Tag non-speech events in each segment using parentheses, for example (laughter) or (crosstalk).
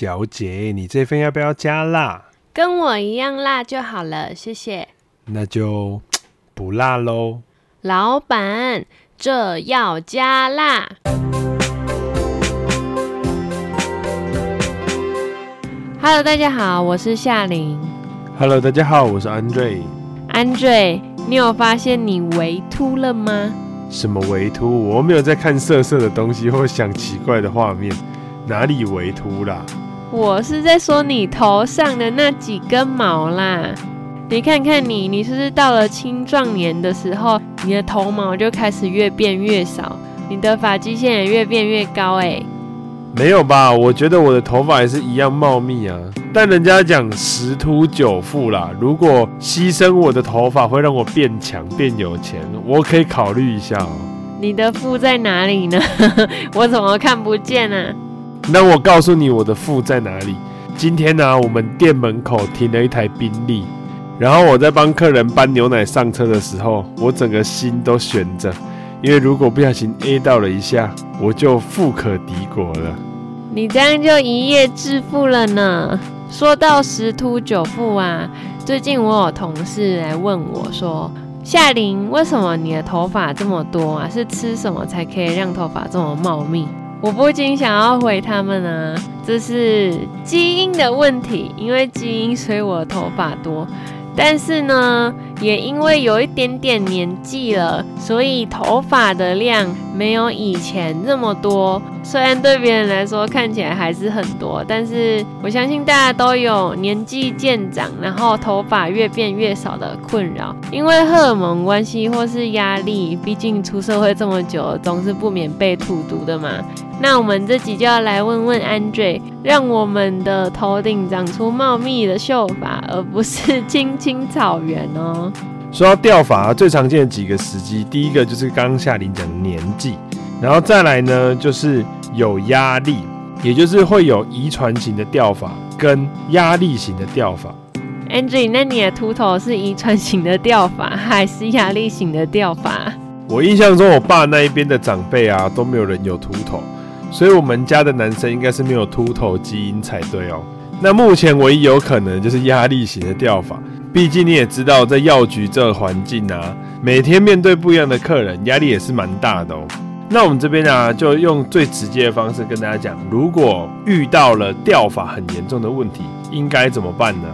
小姐，你這份要不要加辣？跟我一樣辣就好了，謝謝。那就不辣嘍。老闆，這要加辣。Hello，大家好，我是夏琳。Hello，大家好，我是 Andre。Andre，你有發現你微禿了嗎？什麼微禿？我沒有在看色色的東西，或想奇怪的畫面，哪裡微禿啦？我是在說你頭上的那幾根毛啦，你看看你，你是不是到了青壯年的時候，你的頭毛就開始越變越少，你的髮際線也越變越高？誒，沒有吧？我覺得我的頭髮也是一樣茂密啊。但人家講十禿九富啦，如果犧牲我的頭髮會讓我變強、變有錢，我可以考慮一下哦。你的富在哪裡呢？ (laughs) 我怎麼看不見呢？啊？那我告訴你，我的富在哪裡？今天呢、啊，我們店門口，停了一台賓利，然後我在幫客人搬牛奶上車的時候，我整個心都懸着，因為如果不小心 A 到了一下，我就富可敵國了。你這樣就一夜致富了呢。說到十禿九富啊，最近我有同事來問我說，說夏琳，為什麼你的頭髮這麼多啊？是吃什麼才可以讓頭髮這麼茂密？我不禁想要回他們啊，這是基因的問題，因為基因，所以我的頭髮多，但是呢，也因為有一點點年紀了，所以頭髮的量沒有以前那麼多。雖然對別人來說看起來還是很多，但是我相信大家都有年紀漸長，然後頭髮越變越少的困擾。因為荷爾蒙關係或是壓力，畢竟出社會這麼久，總是不免被荼毒的嘛。那我們這集就要來問問 Andre，讓我們的頭頂長出茂密的秀髮，而不是青青草原哦。說到掉髮啊，最常見的幾個時機，第一個就是剛剛夏琳講的年紀，然後再來呢就是。有壓力，也就是會有遺傳型的掉髮跟壓力型的掉髮。Andre，那你的禿頭是遺傳型的掉髮還是壓力型的掉髮？我印象中，我爸那一邊的長輩啊都沒有人有禿頭，所以我們家的男生應該是沒有禿頭基因才對哦。那目前唯一有可能就是壓力型的掉髮，畢竟你也知道，在藥局這個環境啊，每天面對不一樣的客人，壓力也是蠻大的哦。那我們這邊呢、啊，就用最直接的方式跟大家講，如果遇到了掉髮很嚴重的問題，應該怎麼辦呢？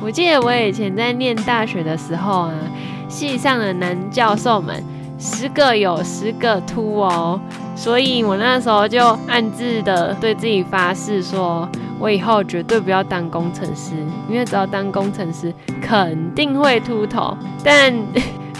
我記得我以前在念大學的時候啊，系上的男教授們十個有十個禿哦，所以我那時候就暗自的對自己發誓說，我以後絕對不要當工程師，因為只要當工程師肯定會禿頭。但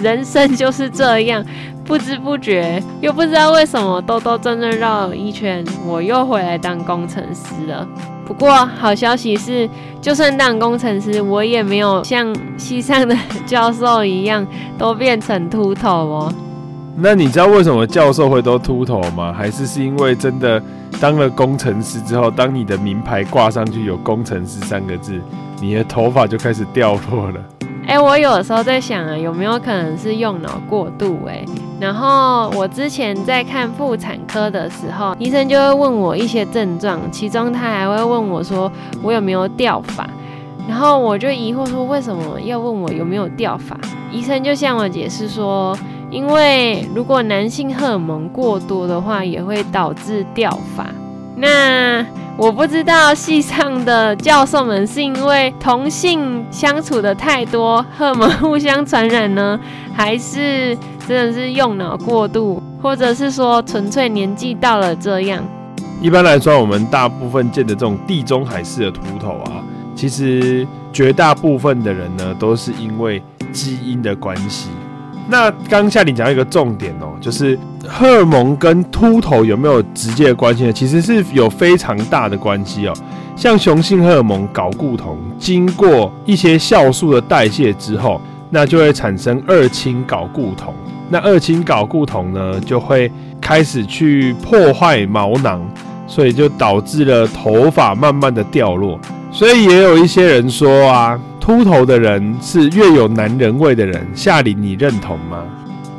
人生就是這樣。不知不覺，又不知道為什麼兜兜轉轉繞了一圈，我又回來當工程師了。不過好消息是，就算當工程師，我也沒有像系上的教授一樣都變成禿頭哦。那你知道為什麼教授會都禿頭嗎？還是是因為真的當了工程師之後，當你的名牌掛上去有“工程師”三個字，你的頭髮就開始掉落了？哎、欸，我有時候在想啊，有沒有可能是用腦過度、欸？哎。然後我之前在看婦產科的時候，醫生就會問我一些症狀，其中他還會問我說，我有沒有掉髮，然後我就疑惑說，為什麼要問我有沒有掉髮？醫生就向我解釋說，因為如果男性荷爾蒙過多的話，也會導致掉髮。那我不知道系上的教授們是因為同性相處的太多荷爾蒙，互相傳染呢，還是真的是用腦過度，或者是說純粹年紀到了這樣？一般來說，我們大部分見的這種地中海式的禿頭啊，其實絕大部分的人呢，都是因為基因的關係。那剛剛夏琳講一個重點哦、喔，就是。荷爾蒙跟禿頭有沒有直接關係呢？其實是有非常大的關係哦、喔。像雄性荷爾蒙睾固酮，經過一些酵素的代謝之後，那就會產生二氫睾固酮。那二氫睾固酮呢，就會開始去破壞毛囊，所以就導致了頭髮慢慢的掉落。所以也有一些人說啊，禿頭的人是越有男人味的人。夏琳，你認同嗎？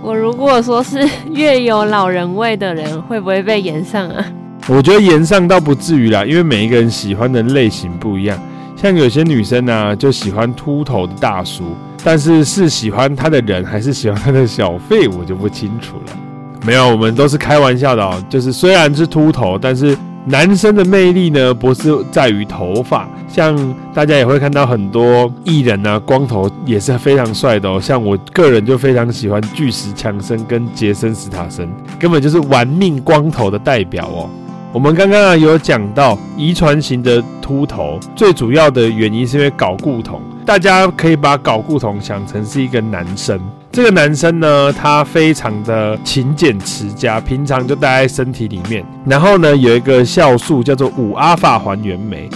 我如果說是越有老人味的人，會不會被延上啊？我覺得延上倒不至於啦，因為每一個人喜歡的類型不一樣。像有些女生呢、啊，就喜歡禿頭的大叔，但是是喜歡他的人，還是喜歡他的小費，我就不清楚了。沒有，我們都是開玩笑的哦。就是雖然是禿頭，但是。男生的魅力呢，不是在於頭髮，像大家也會看到很多藝人啊，光頭也是非常帥的哦。像我個人就非常喜歡巨石強森跟杰森斯坦森，根本就是玩命光頭的代表哦。我們剛剛啊有講到遺傳型的禿頭，最主要的原因是因為睾固酮，大家可以把睾固酮想成是一個男生。這個男生呢，他非常的勤儉持家，平常就待在身體裡面。然後呢，有一個酵素叫做五阿法還原酶，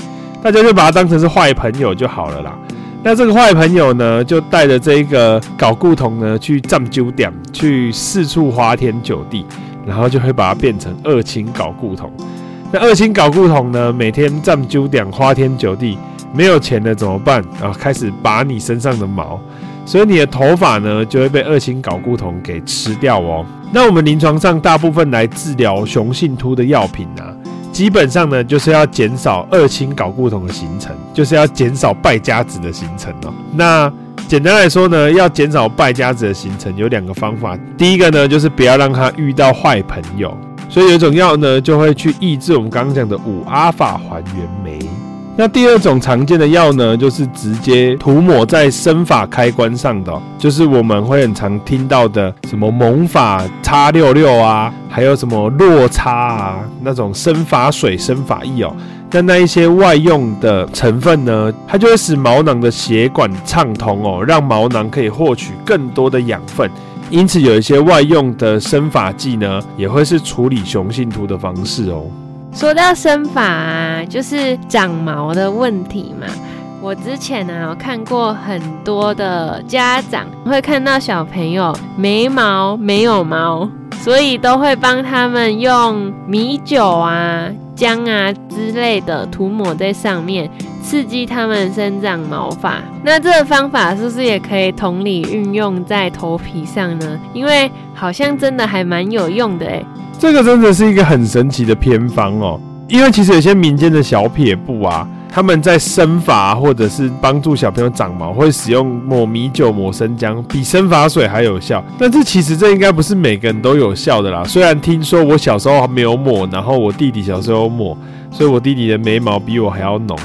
大家就把它當成是壞朋友就好了啦。那這個壞朋友呢，就帶着這一個睾固酮呢，去占鳩點，去四處花天酒地，然後就會把它變成二氫睾固酮。那二氫睾固酮呢，每天占鳩點，花天酒地，沒有錢了怎麼辦？啊，開始拔你身上的毛。所以你的頭髮呢，就會被二氫睾固酮給吃掉哦。那我們臨床上大部分來治療雄性禿的藥品呢、啊，基本上呢就是要減少二氫睾固酮的形成，就是要減少、就是、少敗家子的形成哦。那簡單來說呢，要減少敗家子的形成有兩個方法，第一個呢就是不要讓他遇到壞朋友，所以有一種藥呢就會去抑制我們剛剛講的五阿法還原酶。那第二種常見的藥呢，就是直接塗抹在生髮開關上的喔，就是我們會很常聽到的什麼萌髮叉六六啊，還有什麼落健啊，那種生髮水、生髮液哦。但那，那一些外用的成分呢，它就會使毛囊的血管暢通哦，讓毛囊可以獲取更多的養分，因此有一些外用的生髮劑呢，也會是處理雄性禿的方式哦。說到生髮、啊，就是長毛的問題嘛。我之前呢、啊，有看過很多的家長會看到小朋友眉毛沒有毛，所以都會幫他們用米酒啊、薑啊之類的塗抹在上面，刺激他們生長毛髮。那這個方法是不是也可以同理運用在頭皮上呢？因為好像真的還蠻有用的誒、欸。這個真的是一個很神奇的偏方哦，因為其實有些民間的小撇步啊，他們在生髮或者是幫助小朋友長毛，會使用抹米酒、抹生薑，比生髮水還有效。但是其實這應該不是每個人都有效的啦。雖然聽說我小時候還沒有抹，然後我弟弟小時候抹，所以我弟弟的眉毛比我還要濃。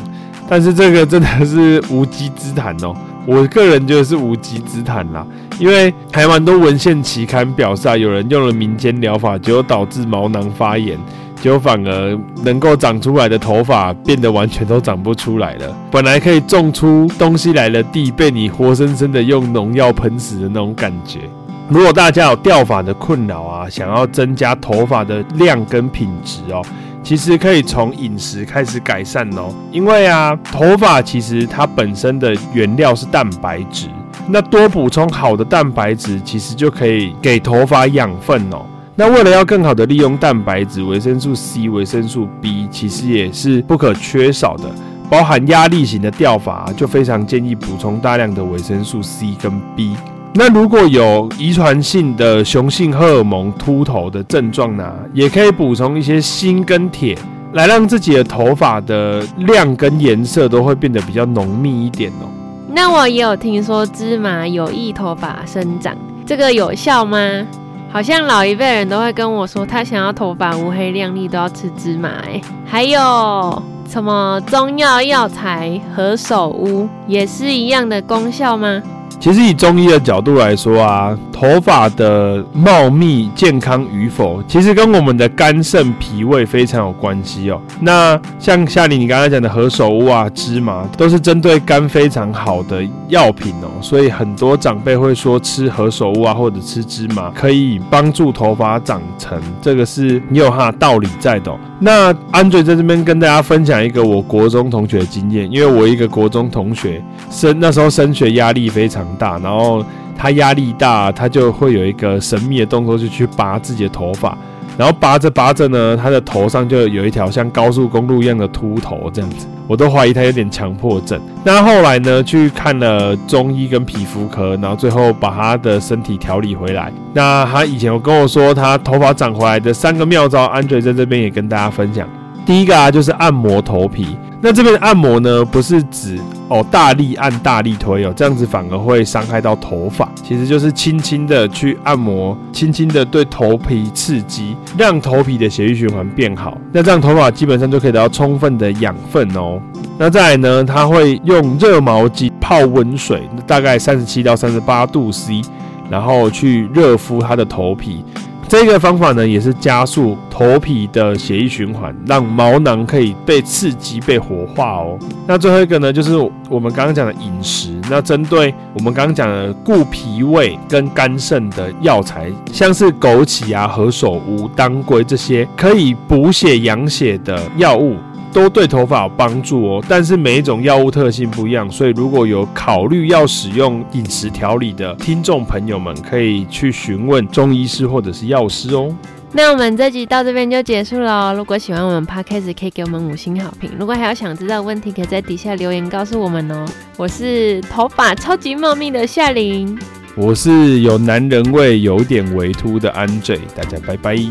但是這個真的是無稽之談哦，我個人覺得是無稽之談啦。因為還蠻多文獻期刊表示啊，有人用了民間療法，結果導致毛囊發炎，結果反而能夠長出來的頭髮變得完全都長不出來了。本來可以種出東西來的地，被你活生生的用農藥噴死的那種感覺。如果大家有掉髮的困擾啊，想要增加頭髮的量跟品質哦，其實可以從飲食開始改善哦。因為啊，頭髮其實它本身的原料是蛋白質。那多補充好的蛋白質，其實就可以給頭髮養分哦、喔。那為了要更好的利用蛋白質，維生素 C、維生素 B 其實也是不可缺少的。包含壓力型的掉髮、啊，就非常建議補充大量的維生素 C 跟 B。那如果有遺傳性的雄性荷爾蒙禿頭的症狀呢、啊，也可以補充一些鋅跟鐵，來讓自己的頭髮的量跟顏色都會變得比較濃密一點哦、喔。那我也有聽說芝麻有益頭髮生長，這個有效嗎？好像老一輩人都會跟我說，他想要頭髮烏黑亮麗都要吃芝麻。誒，還有什麼中藥藥材何首烏也是一樣的功效嗎？其實以中醫的角度來說啊。頭髮的茂密、健康與否，其實跟我們的肝、腎、脾胃非常有關係哦。那像夏琳，你剛才講的何首烏啊、芝麻，都是針對肝非常好的藥品哦。所以很多長輩會說吃何首烏啊，或者吃芝麻，可以幫助頭髮長成。這個是也有它的道理在的哦。那 Andre 在這邊跟大家分享一個我國中同學的經驗，因為我一個國中同學，升那時候升學壓力非常大，然後。他壓力大，他就會有一個神秘的動作，就去拔自己的頭髮，然後拔着拔着呢，他的頭上就有一條像高速公路一樣的禿頭這樣子，我都懷疑他有點強迫症。那後來呢，去看了中醫跟皮膚科，然後最後把他的身體調理回來。那他以前有跟我說，他頭髮長回來的三個妙招，Andre 在這邊也跟大家分享。第一個啊，就是按摩頭皮。那這邊按摩呢，不是指哦大力按、大力推哦，這樣子反而會傷害到頭髮。其實就是輕輕的去按摩，輕輕的對頭皮刺激，讓頭皮的血液循環變好。那這樣頭髮基本上就可以得到充分的養分哦。那再來呢，它會用熱毛巾泡溫水，大概三十七到三十八度 C，然後去熱敷它的頭皮。這個方法呢，也是加速頭皮的血液循環，讓毛囊可以被刺激、被活化哦。那最後一個呢，就是我們剛剛講的飲食。那針對我們剛剛講的固脾胃跟肝腎的藥材，像是枸杞啊、何首烏、當歸這些，可以補血養血的藥物。都對頭髮有幫助哦，但是每一種藥物特性不一樣，所以如果有考慮要使用飲食調理的聽眾朋友們，可以去詢問中醫師或者是藥師哦。那我們這集到這邊就結束嘍。如果喜歡我們 Podcast，可以給我們五星好評。如果還有想知道問題，可以在底下留言告訴我們哦。我是頭髮超級茂密的夏琳，我是有男人味、有點微禿的安 J，大家拜拜。